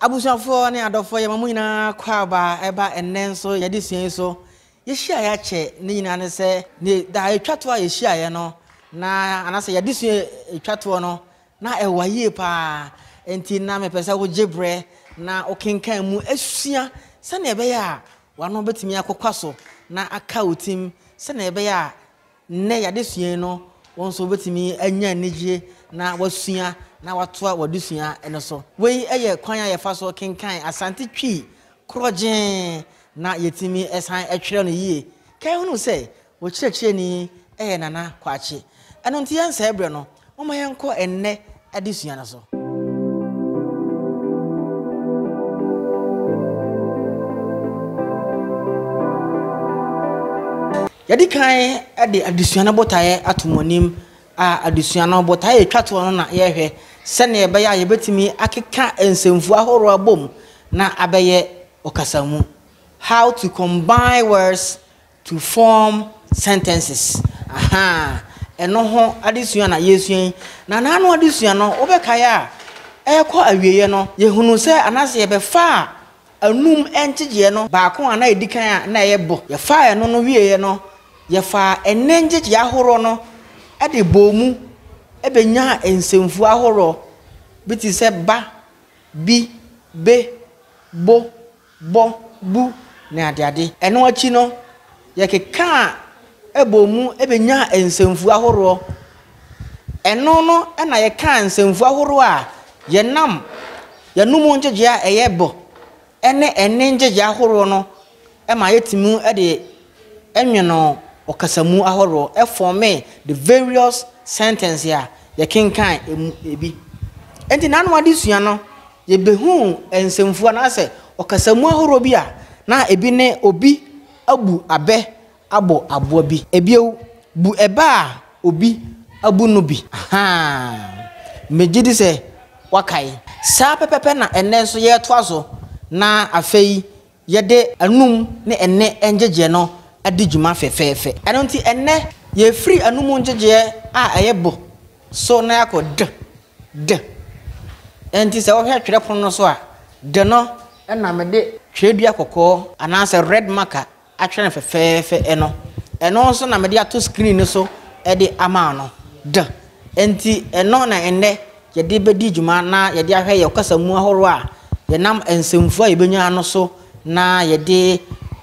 abusuafoɔ ne adɔfoɔ yɛma mo nyinaa kɔ aba ɛba ɛnnɛ nso yɛde sua yi so yɛhyiaeɛ akyɛ ne nyinaa ne sɛ ne da ɛtwatoɔ a yɛhyiaeɛ no na anasɛ yɛde sua toɔ no na ɛwɔ yie paa nti na mepɛ sɛ wogye berɛ na wokenkan mu asua sɛnea ɛbɛyɛ a wano bɛtumi akɔkwa so na aka wo tim sɛnea ɛbɛyɛ a nnɛ yɛade sua yi no wɔn nso wobɛtumi anya anigye na wasua na watoa wɔdesua ɛno so wei yɛ kwan a yɛfa so kenkan asante twi korɔgyee na yɛtumi san twerɛ no yie kan hunu sɛ wɔkyerɛkyerɛni yɛ nana kwakye ɛno nti yɛnsa berɛ no ɔma yɛnkɔ ɛnnɛ adesua no so yɛde kan de adesua no botaeɛ ato mu anim a adesua no botaeɛ yɛtwa toɔ no na yɛrehwɛ sɛnea ɛbɛyɛ a yɛbɛtumi akeka nsɛmfu ahorow abom na abɛyɛ ɔkasamu how to combine words to form sentences aha ɛno ho adesua na yɛsua yi na n'ano adesua no wobɛkaeɛ a ɛrekɔ awieeɛ no yɛhunu sɛ anaasɛ yɛbɛfa a anum nkyegyeɛ no baako a na ɛdi kan a na ɛyɛ bɔ yɛfaa ɛno no wieeɛ no yɛfaa ɛnɛ nkyegyeɛ ahorow no ɛde bɔɔ mu ebe nsɛmfu ahoroɔ bi te ba bi be bo bɔ bu ne adeade ɛno no a ɛbɔ mu ɛbɛnya nsɛmfu ahoroɔ ɛno no ɛna yɛka nsɛmfu ahoroɔ a yɛnam yɛnum a ɛyɛ bɔ ɛne ɛne ngyegyea ahoroɔ no ɛma yɛtumi ɛde ɛnwene ɔkasamu ahoroɔ ɛfɔme e the various sentence a yɛkenkan emu ebi nti n'anwade sua no yɛbɛhu na anaasɛ ɔkasamu ahorow bi a na ebi ne obi abu abɛ abo aboa bi ebiewu bu ɛbɛ a obi abu no bi megye di sɛ wakae saa pɛpɛpɛ na ɛnɛ nso yɛretoa so na afei yɛde anum ne ɛnɛ ngyegyeɛ no adi juma fɛfɛɛfɛ ɛno nti yɛfiri anomu ngyegyeɛ a ɛyɛ bo so na akɔ d d ɛnti sɛ wohwɛ twerɛ pono no so a d no ɛna mede twerɛdua kɔkɔɔ anaasɛ red marker atwerɛ no fɛfɛɛfɛ ɛno ɛno nso na mede ato screen no so ɛde e ama no d ɛnti ɛno na ɛnnɛ yɛde bɛdi dwuma na yɛde ahwɛ yɛ kasa mu ahoroɔ a yɛnam nsɛmfuo a yɛbɛnya no so na yɛde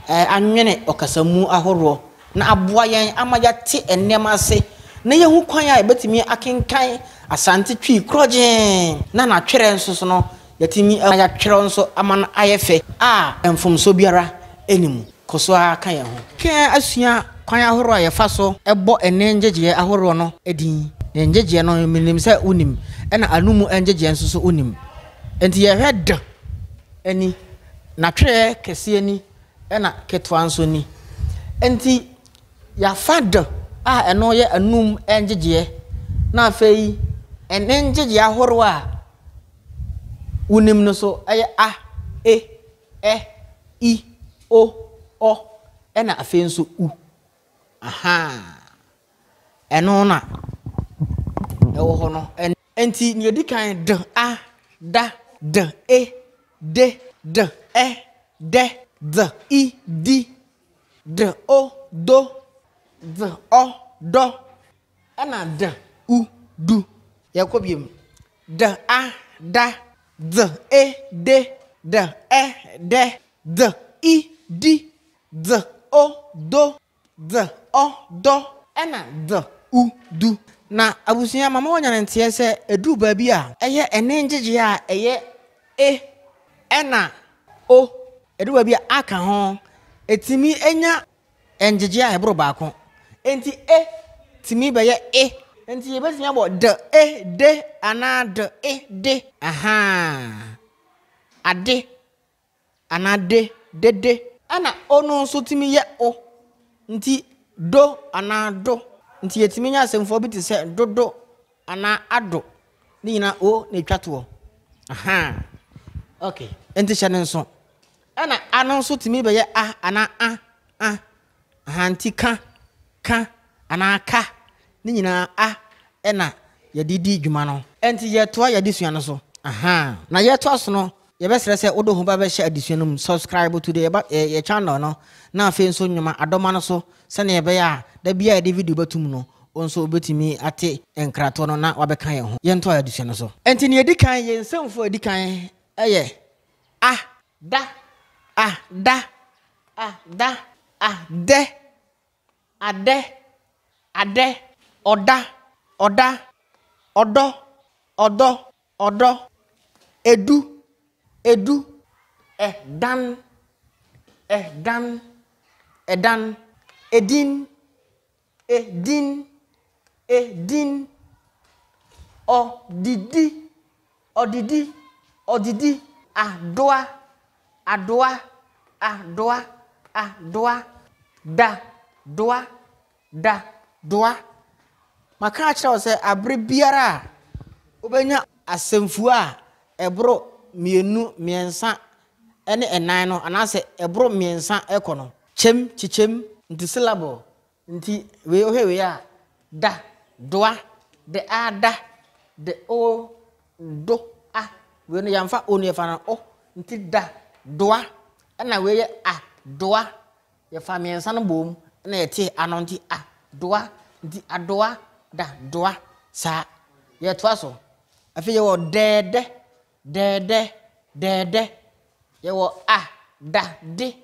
eh, anwene ɔkasamu ahoroɔ na aboa yɛn ama yɛate nneɛma ase na yɛhu kwan a yɛbɛtumi akenkan asante twi korɔgyee na natwerɛ nso so no yɛtumi yɛatwerɛ nso ama no ayɛ fɛ a mfomso biara anim kɔ so ara ka yɛn ho twɛn asua kwan ahoroɔ a yɛfa so ɛbɔ ɛnɛ ngyegyeɛ ahoroɔ no din na ngyegyeɛ no menim sɛ wonim ɛna anomu ngyegyeɛ nso so wonim nti yɛhwɛ d ani natwerɛ kɛseɛ ni ɛna ketewa nso ni nti yɛafa de a ɛno yɛ anum ngyegyeɛ na afei ɛne ngyegyeɛ ahorow a wonim no so ɛyɛ a e ɛ i o ɔ ɛna afei nso u aha ɛno na ɛwɔ hɔ no ɛn nti nea odi kan de a da de e de de ɛ de de i di de o do. d ọ e dọ ɛna d u du yɛkɔ biem d a da e, d e de d ɛ dɛ d i di d o do d ọ e dɔ ɛna d u du na abusua mama wɔnya ne nteɛ sɛ ɛduru baabi a ɛyɛ ɛne njigi a ɛyɛ e ɛna o ɛduru baabi a aka ho etimi enya ngyegyeɛ a ɛboro baako nti e tìmí bɛyɛ e nti yɛbɛtìmí abɔ de e de ana de e de ahan ade anaa de dede ɛna ɔno nso tìmí yɛ o nti do anaa do nti yɛtìmí nyɛ asɛmfoɔ bi ti sɛ dodo anaa ado ne nyinaa o na etwa toɔ ahan ok nti hyɛ ne nso ɛna ano nso tìmí bɛyɛ a ana a a ahan kan ka anaa ka ne nyinaa a ɛna yɛde di dwuma no ɛnti yɛtoa yɛde sua no so aha na yɛtoa so no yɛbɛsrɛ sɛ wode ho ba bɛhyɛ adesua no mu subscribe to de yɛ channel no na afei nso nnwoma adɔma no so sɛne yɛbɛyɛ a da bia yɛde video bɛtum no nso wobɛtumi ate nkratoɔ no na wabɛka yɛn ho yɛntoa yɛ adesua no so ɛnti ne yɛdi kan yɛ nsɛmfoɔ adi kan ɛyɛ a da a da a da a dɛ adẹ adẹ ọ̀dá ọ̀dá ọ̀dọ ọ̀dọ ọ̀dọ edu edu ẹ̀dan ẹ̀dan ẹ̀dan edin edin edin ọ̀dìdì ọ̀dìdì ọ̀dìdì àdúà àdúà àdúà àdúà dà doa da doa maka akyerɛ wo sɛ abere biara a wobɛnya asɛmfuo a ɛboro mmienu mmiɛnsa ne ɛnan no anaasɛ ɛboro mmiɛnsa ɛkɔ no kyɛm kyikyɛm nti syllable nti wei wohwɛ wei a da doa de ada de o do a wei no yɛmfa o no yɛfa no o nti da doa ɛna wei yɛ a doa yɛfa mmiɛnsa no bom na yɛte ano nti a ah, doa nti adoa da doa saa yɛtoa so afei yɛwɔ dɛɛdɛ dɛɛdɛ dɛɛdɛ yɛwɔ a ah, da de a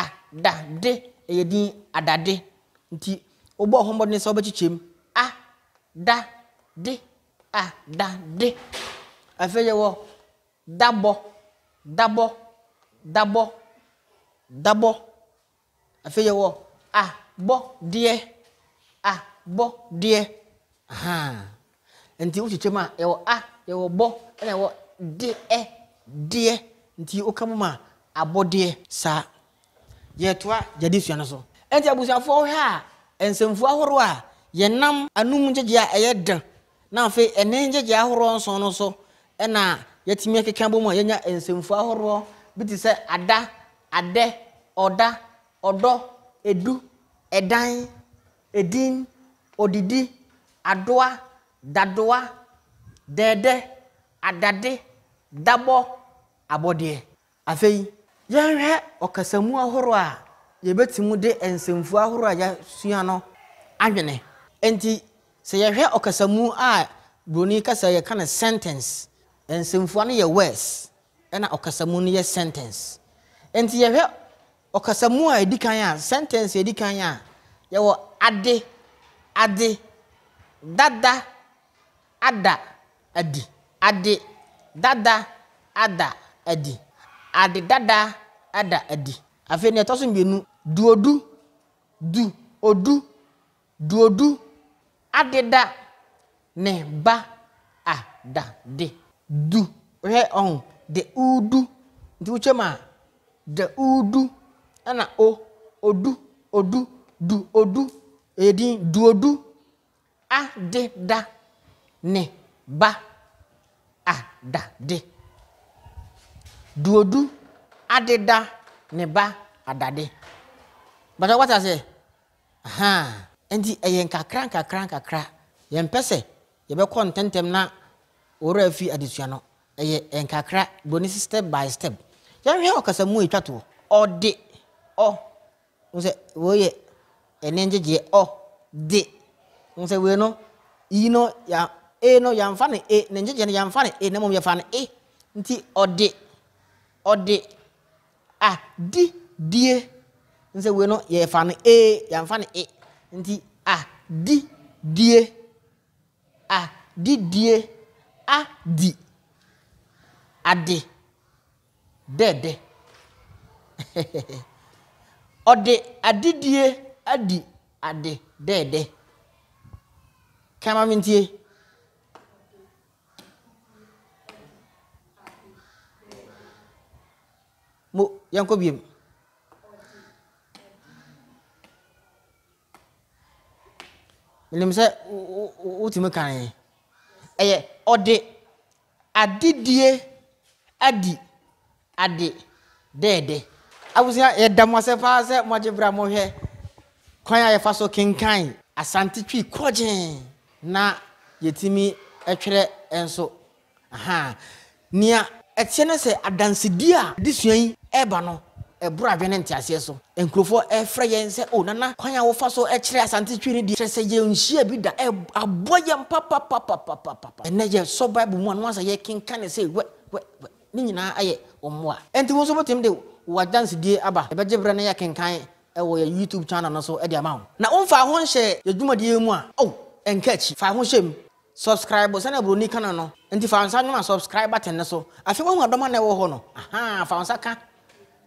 ah, da de ɛyɛ din adade nti wobɔ ho mmɔden sɛ wobɛkyekyɛ mu a da de a da de afei yɛwɔ dabɔ dabɔ dabɔ dabɔ afei yɛwɔ abɔdeɛ abɔdeɛ nti wokyekyɛ mu a yɛwɔ a yɛwɔ bɔ ɛna yɛwɔ deɛ deɛ nti woka mu ma abɔdeɛ saa yɛtoa gyade sua no so ɛnti abusuafoɔ hwɛ a nsɛmfuo ahoroɔ a yɛnam anum gyegye a ɛyɛ den na afei ɛne gyegye ahoroɔ nson no so ɛna yɛtumi akeka bɔ mu a yɛnya nsɛmfuo ahoroɔ bi te sɛ ada adɛ ɔda ɔdɔ edu ɛdan edin odidi adoa dadoa dɛɛdɛ adade dabɔ abɔdeɛ afei yɛnhwɛ ɔkasamu ahorow a yɛbɛtum de nsɛmfu ahorow a yɛasua no adwene nti sɛ yɛhwɛ ɔkasamu a buroni kasa yɛka no sentence nsɛmfua no yɛ words ɛna ɔkasamu no yɛ sentence nti yɛhwɛ ɔkasamu a edi kan a sentence edi kan a yɛwɔ ade ade dada ada adi ade dada ada adi ade dada ada adi afei nea ɛtɔ so mmienu duodu du odu duodu adeda ne ba ada de du hwɛ ɔn de udu nti wotwa mu a de udu ɛna o odu odu du odu edin du odu adi da ne ba adade du odu adi da ne ba adade bàtà wàtà sɛ hàn ɛnti ɛyɛ nkakra nkakra nkakra yɛn pɛ sɛ yɛbɛkɔ ntɛntɛm na owurɔ afi adesua no ɛyɛ nkakra broni step by step yɛn hwɛ ɔkasamu etwa to ɔde ɔ nsɛ wɔyɛ ɛnɛ ngyegyeɛ ɔ de nsɛ wei no yi no ya e no yɛmfa ne e ne ngyegyeɛ no yɛmfa ne e na mmom E ne O nti O ɔde a di die nsɛ wei no yɛfa ne e yɛmfa ne e nti a di die a di die a di ade dɛɛdɛ hehehe ɔde adidie adi ade dɛɛdɛ kama mi ntie mo yɛn kɔ biem nim sɛ wotumi kan yi ɛyɛ ɔde adidie adi ade dɛɛdɛ abusua yɛda mo ase paa sɛ mo agye bra mo hwɛ kwan a yɛfa so kenkan asante twi kɔgyen na yɛtumi twerɛ nso aha nea ɛteɛ no sɛ adansedie a de sua yi ɛreba no ɛboro adwene nteaseɛ so nkurɔfoɔ ɛfrɛ yɛn sɛ o nana kwan a wofa so kyerɛ asante twi no deɛ kyerɛ sɛ yɛnhyia bi da aboa yɛn papapapapapapa ɛnɛ yɛ sɔ bible mu a no asɛ yɛkenka ne sɛ wɛ wɛ wɛ ne nyinaa ayɛ wɔn ɛnti wɔn nso bɛtumi de wɔdanse die aba yɛbɛgye berɛ no yɛ kenkan ɛwɔ yɛ youtube channel no so de ama wo na womfa ho nhyɛ yɛdwumadeɛ mu a o oh, ɛnka fa ho hyɛ mu subscribe sɛnea buroni kana no nti fa nsa nwoma subscribe button no so afei wohu adɔma na ɛwɔ hɔ no aha fa nsa ka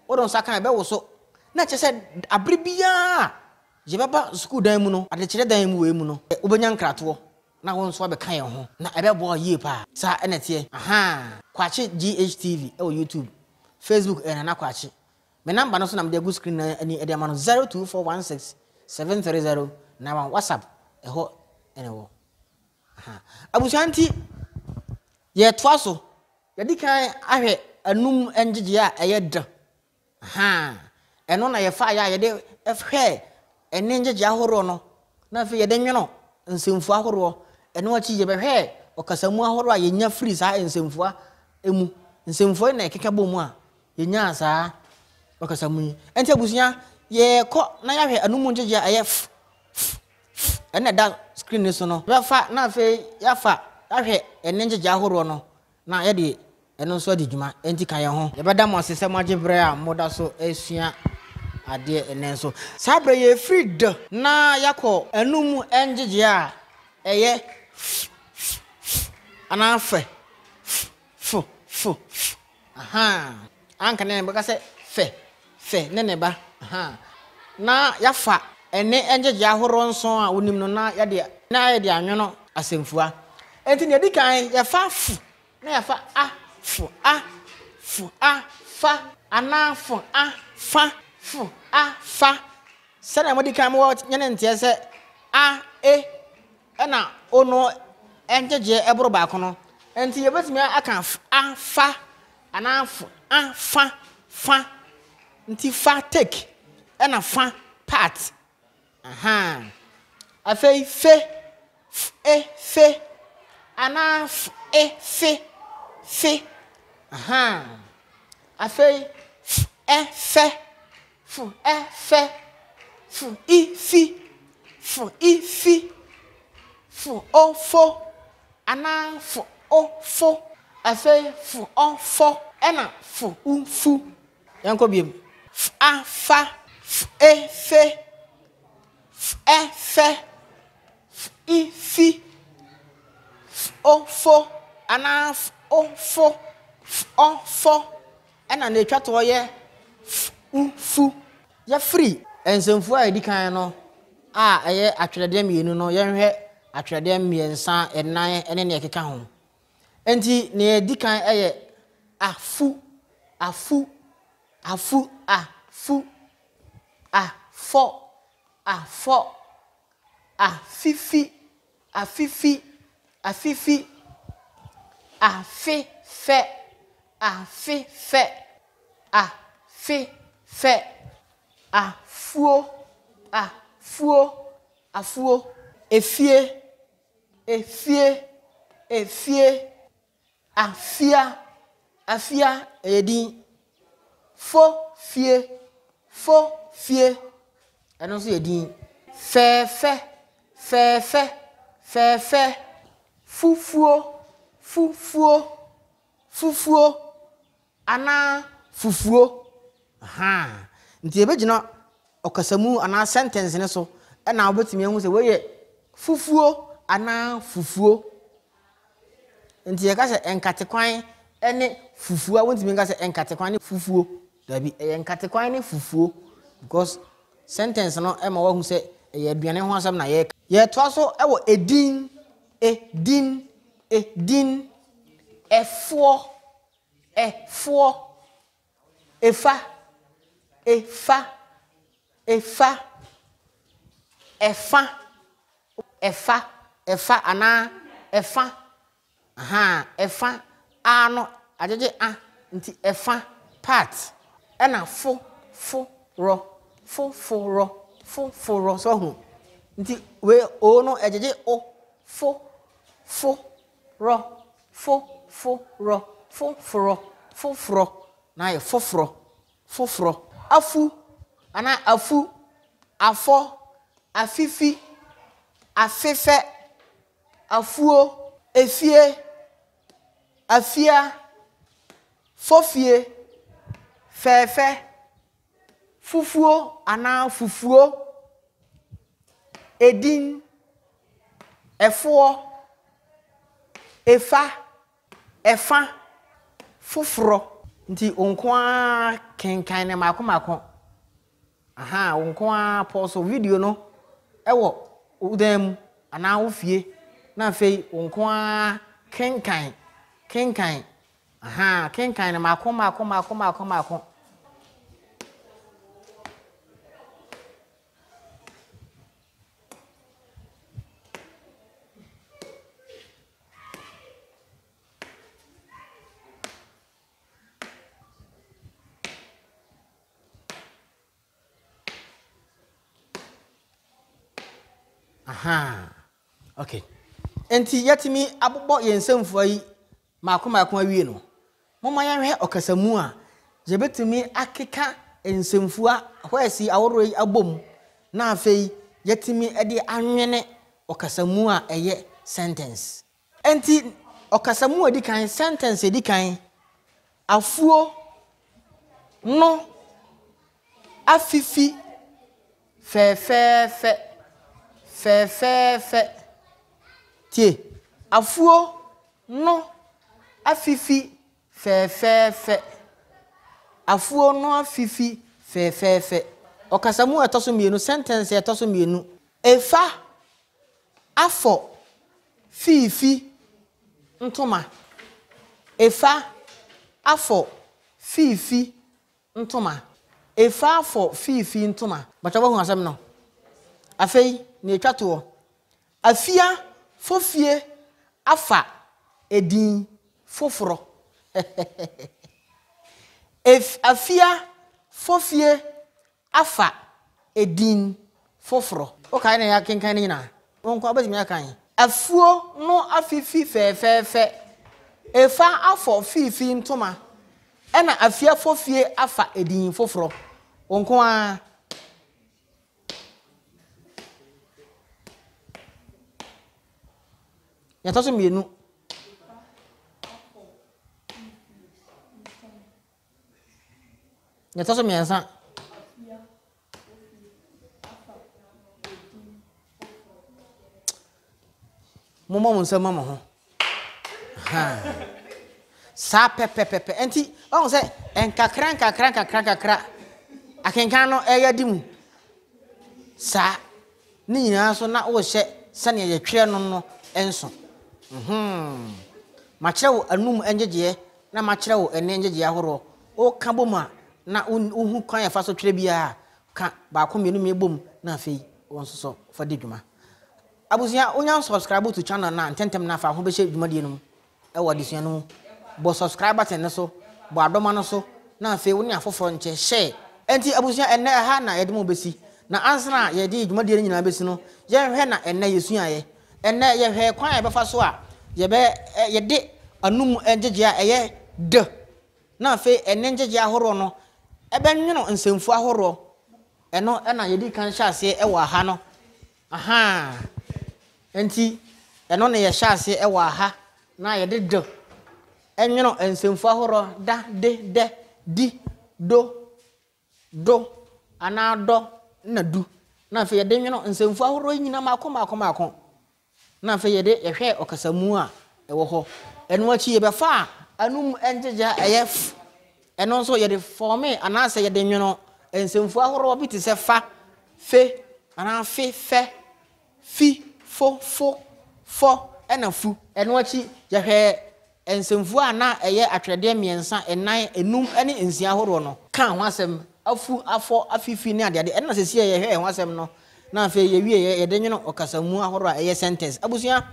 wode nsa ka ɛbɛwo so na kyerɛ sɛ abere biara yɛbɛba sukuu dan mu no adekyerɛ dan mu wei mu no wobɛnya nkratoɔ na wọn nso abɛka yɛn ho na ɛbɛboa yie paa saa ɛna teɛ aha kwakye ghtv ɛwɔ youtube facebook ɛyɛ eh, nana kwakye me namba no so nam de agu screen ani ɛde ama no 02416 730 91 whatsapp ɛhɔ ɛna ɛwɔ abusua nti yɛtoa so yɛdi kan ahwɛ anum ngyegyeɛ a ɛyɛ da ɛno na yɛfa yɛ a yɛde hwɛ ɛne ngyegyeɛ ahoroɔ no na afei yɛde nwono nsɛmfua ahoroɔ ɛno akyi yɛbɛhwɛ ɔkasamu ahoroɔ a yɛnya firi saa nsɛmfua mu nsɛmfua na ɛkeka bɔ mu a yɛnyaa saa ɔkasa mu yi ɛnti abusua yɛkɔ na yɛahwɛ anomu ngyegye a ɛyɛ ɛna ɛda screen ne so no yɛbɛfa na afei yɛafa yɛahwɛ ɛne ngyegye ahoroɔ no na yɛde ɛno nso adi dwuma ɛnti ka yɛn ho yɛbɛda mo ase sɛ moagye berɛ a moda so asua adeɛ ɛnɛ nso saa berɛ yɛfiri d na yɛakɔ anomu ngyegye a ɛyɛ anaa fo fo aha anka ne bɛka sɛ fɛ fɛ ne ne ba na yɛafa ɛne ngyegye ahoroɔ nson a wonim no na yɛde na yɛde anwono asɛmfua ɛnti neɛ di kan fa fu na fa a fu a fu a fa ana fu a fa fu a fa sɛdeɛ di kan mowɔ nyɛ ne nteɛ sɛ a e ɛna ono ngyegyeɛ ɛboro baako no ɛnti yɛbɛtumi aka fa anaa a fa fa nti fa take ɛna fa part afei fe e fe anaa e fe fe afei e fe fu e fe fu i fi fu i fi fu o fo anaa fu o fo afei fu ɔfɔ ɛna fu ufu yɛn kɔ biem fu afa fu efe fu ɛfɛ fu ifi fu ofo anaa fu ofo fu ɔfɔ ɛna na etwa toɔ yɛ fu ufu yɛfiri nsɛmfu a yɛdi kan no a ɛyɛ atwerɛdeɛ mmienu no yɛnhwɛ atwerɛdeɛ mmiɛnsa ɛnan ɛne nea ɛkeka ho nti nea yɛdi kan yɛ afu afu afu afu afɔ afɔ afifi afifi afifi afefɛ afefɛ afefɛ afuo afuo afuo efie efie efie afia afia ɛyɛ din fo fie fo fie ɛno nso yɛ din fɛɛfɛ fɛɛfɛ fɛɛfɛ fufuo fufuo fufuo anaa fufuo ahan nti ebɛgyina ɔkasamu anaa sentence ne so ɛna wobɛtumi ahu sɛ wɔyɛ fufuo anaa fufuo nti yɛka sɛ nkatekwan ne fufuo a wontumi nka sɛ nkatekwan ne fufuo dabi ɛyɛ nkatekwan ne fufuo because sentence no ma wahu sɛ ɛyɛ aduane ho asɛm na yɛka yɛtoa so wɔ edin edin edin ɛfoɔ ɛfoɔ efa efa efa ɛfa ɛfa ɛfa anaa ɛfa. aha ɛfa a no agyegye a nti ɛfa part ɛna fo fo rɔ fo fo rɔ fo fo rɔ so ɔho nti wee o no agyegye o fo fo rɔ fo fo rɔ fo forɔ fo forɔ na ayɛ foforɔ foforɔ afu ana afu afɔ afifi afefɛ afuo efie. afia fọfie fɛɛfɛ fufuo anaa fufuo edin ɛfoɔ efa ɛfa foforɔ nti nko kankan kenkan mako mako aha video no ɛwɔ dan mu anaa wo na afei kenkan aha kenkan no maako maako maako maako maako aha okay nti yɛtumi abobɔ yɛn nsɛmfua yi mako mako awie no moma yɛhwɛ ɔkasamu a yɛbɛtumi akeka nsɛmfua hɔɛsi ahorow yi abom na afei yɛtumi de anwene ɔkasamu a ɛyɛ sentence nti ɔkasamu a di kan sentence di kan afuo no afifi fɛɛfɛɛfɛ fɛɛfɛɛfɛ tie afuo no afifi fɛɛfɛɛfɛ afuo no afifi fɛɛfɛɛfɛ ɔkasamu a ɛtɔ so mmienu sentence a ɛtɔ so mmienu efa afɔ fiifi ntoma efa afɔ fiifi ntoma efa afɔ fiifi ntoma bàtà wọ́n asɛm no afei na etwa toɔ afia fofie afa edin. foforɔ afia fofie afa edin foforɔ wokae na ya akenkan no nyinaa wɔnkɔ wobɛtumi aka yi afuo no afifi fɛɛfɛɛfɛ efa afɔ fiifi ntoma ɛna afia fofie afa edin foforɔ wɔnko a, yɛtɔ so mmienu deɛ ɛtɔ so mmiɛnsa mommɔ mo nsa ma mo ho saa pɛpɛpɛpɛ nti ɔhu sɛ nkakra nkakra nkakra nkakra akenkan no ɛyɛ di mu saa ne nyinaa so na wɔhyɛ sɛnea yɛtwerɛ no no nso makyerɛ wo anum ngyegyeɛ na makyerɛ wo ɛne ngyegyeɛ ahoroɔ ɔka bom a na wohu kwan yɛfa so twerɛ biara ka baako mmienu mmienu bom na afei wɔn nso so fa di dwuma abusua wonya subscribe to channel na ntɛntɛm na afa ho bɛhyɛ dwumadie no mu ɛwɔ adesua no mu bɔ subscribe button no so bɔ adɔma no so na afei wo ne afoforɔ nkyɛ hyɛ nti abusua ɛnɛ ɛha na yɛde mu bɛsi na ansa na yɛde dwumadie no nyinaa bɛsi no yɛhwɛ na ɛnɛ yɛsuaeɛ ɛnɛ yɛhwɛ kwan a yɛbɛfa so a yɛbɛ yɛde anum ngyegyea ɛyɛ de na afei ɛnɛ ngyegyea ahoroɔ no ɛbɛnwono nsɛmfu ahoroɔ ɛno ɛna yɛdi kan hyɛ aseɛ ɛwɔ e aha no ahaa nti ɛno na yɛhyɛ aseɛ ɛwɔ aha na yɛde do ɛnwono e nsɛmfu ahoroɔ da de dɛ di do do anaa dɔ na du na afei yɛde nwono nsɛmfu ahoroɔ yi nyinaa maako maako maako na afei yɛde yɛhwɛ ɔkasamu a ɛwɔ e hɔ ɛno akyi yɛbɛfa a anum ɛngyegya ɛyɛ f ɛno nso yɛde fɔme anaasɛ yɛde nwono nsɛmfu ahorow bi te sɛ fa fe anaa fe fɛ fi fo fo fɔ ɛna fu ɛno akyi yɛhwɛ nsɛmfu a na ɛyɛ atwerɛdeɛ mmiɛnsa ɛnan enum ɛne nsia ahorow no ka ho asɛm afu afɔ afifi ne adeade ɛna sɛsi yɛ yɛhwɛ ɛho asɛm no na afei yɛwie yɛ yɛde nwono ɔkasamu ahorow a ɛyɛ sentence abusua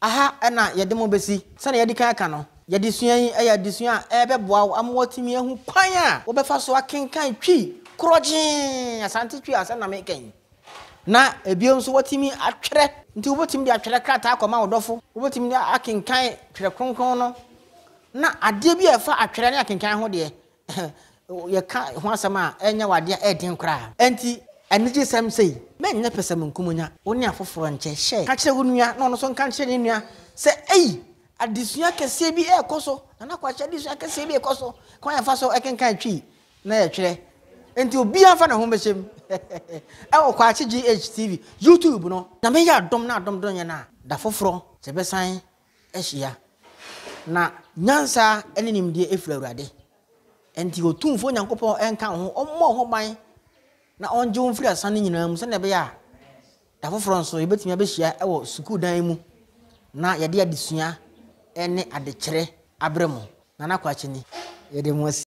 aha ɛna yɛde mo besi sɛnea yɛde kan aka no yɛdesua yi ɛyɛ adesua a ɛbɛboa wo ama wɔatumi ahu kwan a wɔbɛfa so akenkan twi korɔgyee asante twi asɛ na meka yi na ebio nso wɔtumi atwerɛ nti wobɛtumi de atwerɛ krataa kɔma wo dɔfo wobɛtumi de akenkan twerɛ kronkron no na adeɛ bi a ɛfa atwerɛ ne akenkan ho deɛ yɛka ho asɛm a ɛnyɛ wadeɛ ɛɛden koraa ɛnti anigye sɛm sei mɛnyɛ pɛsɛm nkumunya wo ne afoforɔ nkyɛ hyɛ ka kyerɛ wo nua na ɔno nso nka kyerɛ ne nua sɛ ɛyi adesua kɛseɛ bi ɛrekɔ so nana kwakyɛ adesua kɛseɛ bi ɛrekɔ so kwan yɛfa so ɛkenkan twi na yɛtwerɛ nti obiara fa ne ho bɛhyɛ mu ɛwɔ kwakye ghtv youtube no na meyɛ adɔm na adɔm dɔnyɛ no a da foforɔ sɛ bɛsan ahyia na nyansa ne nimdeɛ ɛfiri awurade nti ɔtumfoɔ nyankopɔn ɛnka wo ho ɔmmɔ ho ban na ɔngye wo mfiri asa no nyinaa mu sɛnea ɛbɛyɛ a da foforɔ nso yɛbɛtumi abɛhyia ɛwɔ sukuu dan mu na yɛde adesua ne adekyerɛ abrɛ mu nana kwakye ni yɛde mu asi